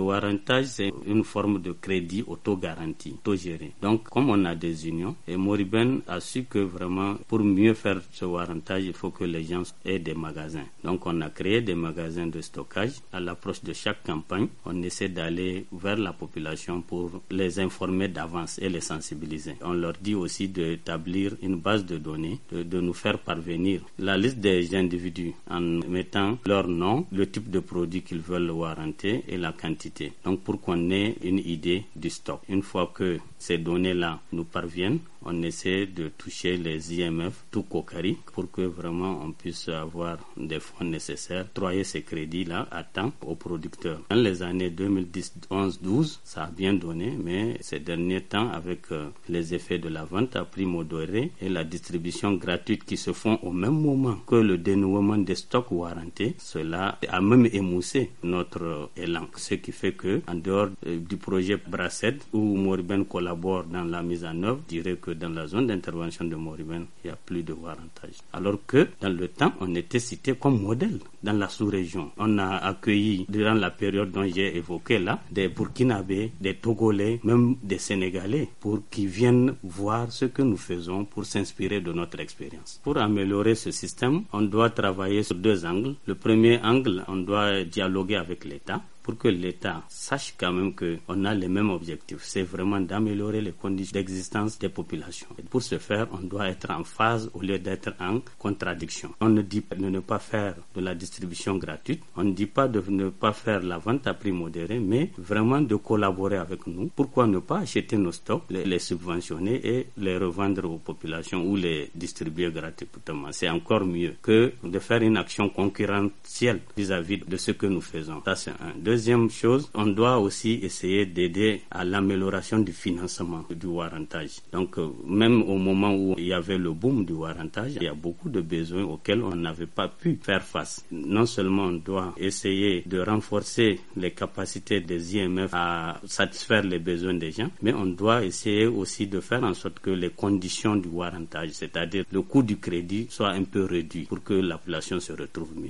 Le Warrantage, c'est une forme de crédit auto-garanti, auto-géré. Donc, comme on a des unions, et Moriben a su que vraiment, pour mieux faire ce Warrantage, il faut que les gens aient des magasins. Donc, on a créé des magasins de stockage. À l'approche de chaque campagne, on essaie d'aller vers la population pour les informer d'avance et les sensibiliser. On leur dit aussi d'établir une base de données, de, de nous faire parvenir la liste des individus en mettant leur nom, le type de produit qu'ils veulent warranter et la quantité donc pour qu'on ait une idée du stock, une fois que ces données-là nous parviennent, on essaie de toucher les IMF tout coquari, pour que vraiment on puisse avoir des fonds nécessaires, troyer ces crédits-là à temps aux producteurs. Dans les années 2010, 11, 12, ça a bien donné, mais ces derniers temps, avec euh, les effets de la vente à prix modéré et la distribution gratuite qui se font au même moment que le dénouement des stocks warrantés, cela a même émoussé notre euh, élan, ce qui fait que, en dehors euh, du projet Brasset, où Moriben collabore dans la mise en œuvre, je dirais que dans la zone d'intervention de Moriben, il n'y a plus de warantage. Alors que, dans le temps, on était cité comme modèle dans la sous-région. On a accueilli, durant la période dont j'ai évoqué là, des Burkinabés, des Togolais, même des Sénégalais, pour qu'ils viennent voir ce que nous faisons pour s'inspirer de notre expérience. Pour améliorer ce système, on doit travailler sur deux angles. Le premier angle, on doit dialoguer avec l'État pour que l'État sache quand même qu'on a les mêmes objectifs. C'est vraiment d'améliorer les conditions d'existence des populations. Et pour ce faire, on doit être en phase au lieu d'être en contradiction. On ne dit pas de ne pas faire de la distribution gratuite, on ne dit pas de ne pas faire la vente à prix modéré, mais vraiment de collaborer avec nous. Pourquoi ne pas acheter nos stocks, les, subventionner et les revendre aux populations ou les distribuer gratuitement C'est encore mieux que de faire une action concurrentielle vis-à-vis -vis de ce que nous faisons. Ça, c'est un. Deux, Deuxième chose, on doit aussi essayer d'aider à l'amélioration du financement du warrantage. Donc, euh, même au moment où il y avait le boom du warrantage, il y a beaucoup de besoins auxquels on n'avait pas pu faire face. Non seulement on doit essayer de renforcer les capacités des IMF à satisfaire les besoins des gens, mais on doit essayer aussi de faire en sorte que les conditions du warrantage, c'est-à-dire le coût du crédit, soient un peu réduit pour que la population se retrouve mieux.